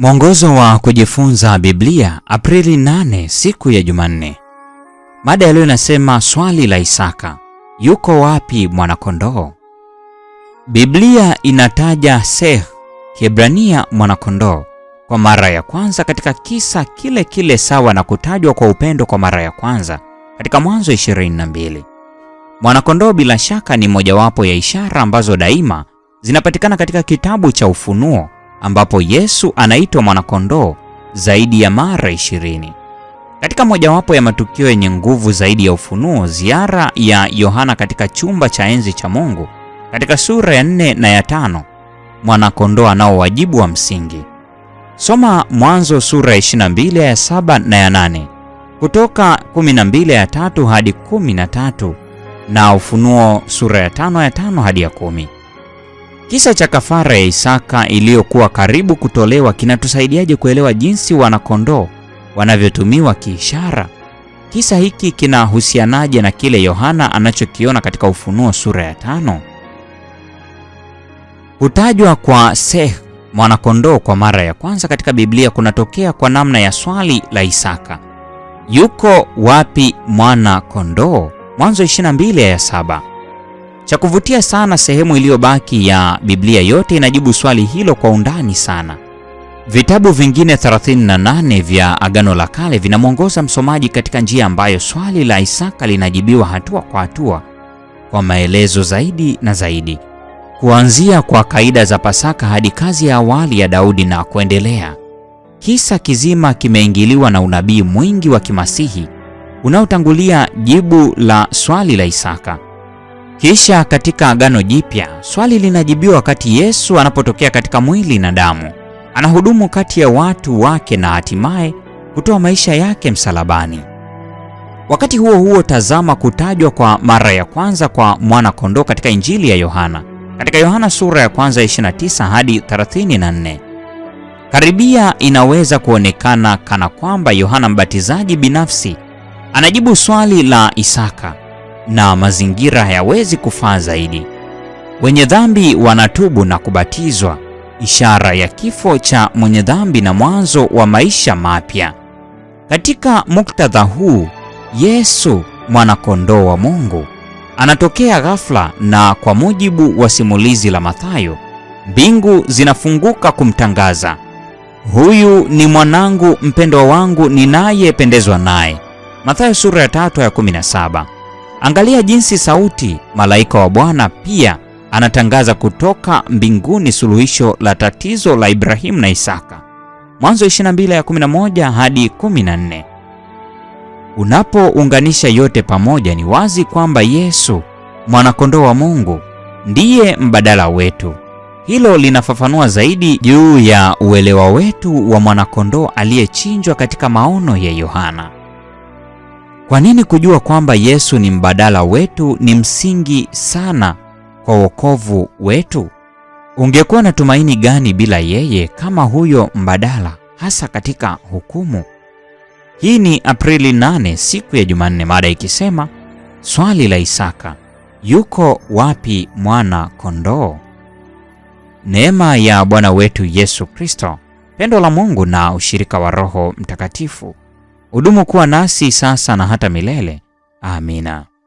Mwongozo wa kujifunza Biblia, Aprili 8, siku ya Jumanne. Mada ya leo inasema swali la Isaka, yuko wapi mwanakondoo? Biblia inataja Seh, Kiebrania mwanakondoo, kwa mara ya kwanza katika kisa kile kile sawa na kutajwa kwa upendo kwa mara ya kwanza katika Mwanzo 22. Mwanakondoo bila shaka ni mojawapo ya ishara ambazo daima zinapatikana katika kitabu cha Ufunuo ambapo Yesu anaitwa mwanakondoo zaidi ya mara ishirini. Katika mojawapo ya matukio yenye nguvu zaidi ya Ufunuo, ziara ya Yohana katika chumba cha enzi cha Mungu katika sura ya nne na ya tano, mwanakondoo anao wajibu wa msingi. Soma Mwanzo sura ya 22 ya 7 na ya 8, Kutoka 12 ya 3 hadi 13 na Ufunuo sura ya 5 ya 5 hadi ya kumi. Kisa cha kafara ya Isaka iliyokuwa karibu kutolewa kinatusaidiaje kuelewa jinsi wanakondoo wanavyotumiwa kiishara? Kisa hiki kinahusianaje na kile Yohana anachokiona katika Ufunuo sura ya tano? Kutajwa kwa Seh mwanakondoo kwa mara ya kwanza katika Biblia kunatokea kwa namna ya swali la Isaka, yuko wapi mwana kondoo? Mwanzo 22 aya 7. Cha kuvutia sana, sehemu iliyobaki ya Biblia yote inajibu swali hilo kwa undani sana. Vitabu vingine 38 vya Agano la Kale vinamwongoza msomaji katika njia ambayo swali la Isaka linajibiwa hatua kwa hatua kwa maelezo zaidi na zaidi, kuanzia kwa kaida za Pasaka hadi kazi ya awali ya Daudi na kuendelea. Kisa kizima kimeingiliwa na unabii mwingi wa kimasihi unaotangulia jibu la swali la Isaka. Kisha katika Agano Jipya swali linajibiwa wakati Yesu anapotokea katika mwili na damu, anahudumu kati ya watu wake na hatimaye kutoa maisha yake msalabani. Wakati huo huo, tazama kutajwa kwa mara ya kwanza kwa mwana-kondoo katika Injili ya Yohana, katika Yohana sura ya kwanza 29 hadi 34. Karibia inaweza kuonekana kana kwamba Yohana Mbatizaji binafsi anajibu swali la Isaka na mazingira hayawezi kufaa zaidi. Wenye dhambi wanatubu na kubatizwa, ishara ya kifo cha mwenye dhambi na mwanzo wa maisha mapya. Katika muktadha huu, Yesu mwanakondoo wa Mungu anatokea ghafla, na kwa mujibu wa simulizi la Mathayo, mbingu zinafunguka kumtangaza, huyu ni mwanangu mpendwa wangu ninayependezwa naye. Mathayo sura ya 3 ya 17. Angalia jinsi sauti malaika wa Bwana pia anatangaza kutoka mbinguni suluhisho la tatizo la Ibrahimu na Isaka. Mwanzo 22 ya 11 hadi 14. Unapounganisha yote pamoja, ni wazi kwamba Yesu mwanakondoo wa Mungu ndiye mbadala wetu. Hilo linafafanua zaidi juu ya uelewa wetu wa mwanakondoo aliyechinjwa katika maono ya Yohana. Kwa nini kujua kwamba Yesu ni mbadala wetu ni msingi sana kwa wokovu wetu? Ungekuwa na tumaini gani bila yeye kama huyo mbadala, hasa katika hukumu? Hii ni Aprili 8 siku ya Jumanne, mada ikisema swali la Isaka, yuko wapi mwana kondoo? Neema ya Bwana wetu Yesu Kristo, pendo la Mungu na ushirika wa Roho Mtakatifu Udumu kuwa nasi sasa na hata milele. Amina.